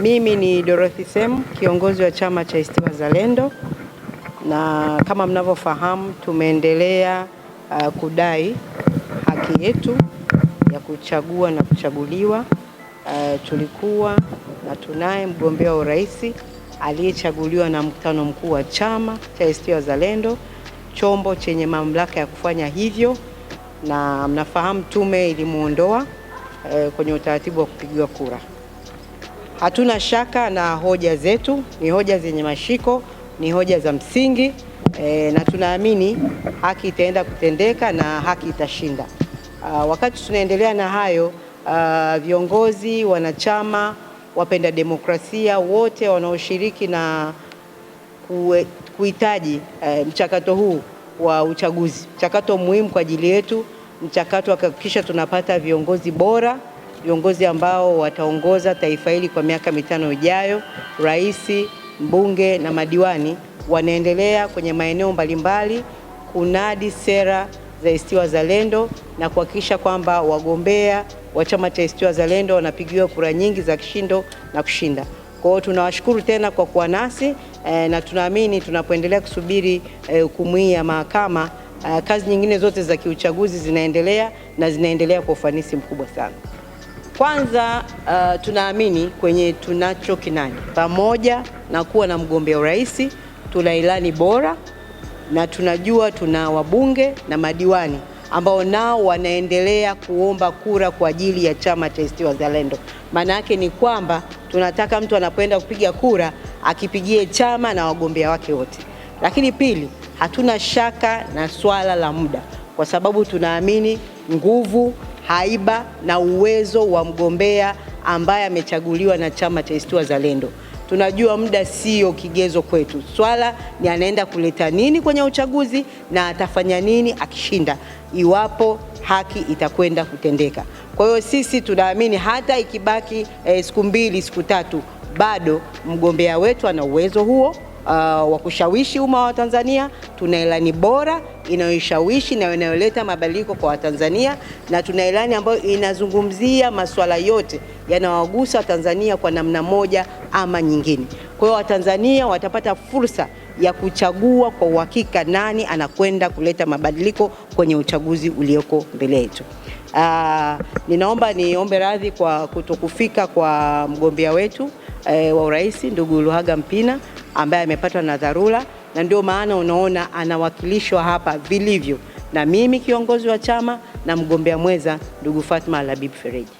Mimi ni Dorothy Semu, kiongozi wa chama cha ACT Wazalendo, na kama mnavyofahamu tumeendelea uh, kudai haki yetu ya kuchagua na kuchaguliwa. Uh, tulikuwa na tunaye mgombea wa urais aliyechaguliwa na mkutano mkuu wa chama cha ACT Wazalendo, chombo chenye mamlaka ya kufanya hivyo, na mnafahamu tume ilimwondoa uh, kwenye utaratibu wa kupigiwa kura. Hatuna shaka na hoja zetu, ni hoja zenye mashiko, ni hoja za msingi e, na tunaamini haki itaenda kutendeka na haki itashinda. Uh, wakati tunaendelea na hayo uh, viongozi, wanachama, wapenda demokrasia wote wanaoshiriki na kuhitaji uh, mchakato huu wa uchaguzi, mchakato muhimu kwa ajili yetu, mchakato wa kuhakikisha tunapata viongozi bora viongozi ambao wataongoza taifa hili kwa miaka mitano ijayo, rais, mbunge na madiwani, wanaendelea kwenye maeneo mbalimbali kunadi sera za ACT Wazalendo na kuhakikisha kwamba wagombea wa chama cha ACT Wazalendo wanapigiwa kura nyingi za kishindo na kushinda. Kwa hiyo tunawashukuru tena kwa kuwa nasi eh, na tunaamini tunapoendelea kusubiri eh, hukumu eh, hii ya mahakama eh, kazi nyingine zote za kiuchaguzi zinaendelea na zinaendelea kwa ufanisi mkubwa sana. Kwanza uh, tunaamini kwenye tunacho kinani pamoja na kuwa na mgombea urais, tuna ilani bora na tunajua tuna wabunge na madiwani ambao nao wanaendelea kuomba kura kwa ajili ya chama cha ACT Wazalendo. Maana yake ni kwamba tunataka mtu anapoenda kupiga kura akipigie chama na wagombea wake wote. Lakini pili, hatuna shaka na swala la muda, kwa sababu tunaamini nguvu haiba na uwezo wa mgombea ambaye amechaguliwa na chama cha ACT Wazalendo. Tunajua muda sio kigezo kwetu, swala ni anaenda kuleta nini kwenye uchaguzi na atafanya nini akishinda, iwapo haki itakwenda kutendeka. Kwa hiyo sisi tunaamini hata ikibaki eh, siku mbili siku tatu, bado mgombea wetu ana uwezo huo. Uh, wa kushawishi umma wa Tanzania. Tuna ilani bora inayoishawishi na inayoleta mabadiliko kwa Watanzania, na tuna ilani ambayo inazungumzia masuala yote yanayowagusa Watanzania kwa namna moja ama nyingine. Kwa hiyo Watanzania watapata fursa ya kuchagua kwa uhakika nani anakwenda kuleta mabadiliko kwenye uchaguzi ulioko mbele yetu. Uh, ninaomba niombe radhi kwa kutokufika kwa mgombea wetu e, wa urais ndugu Luhaga Mpina ambaye amepatwa na dharura, na ndio maana unaona anawakilishwa hapa vilivyo na mimi kiongozi wa chama na mgombea mweza ndugu Fatma Labib Fereji.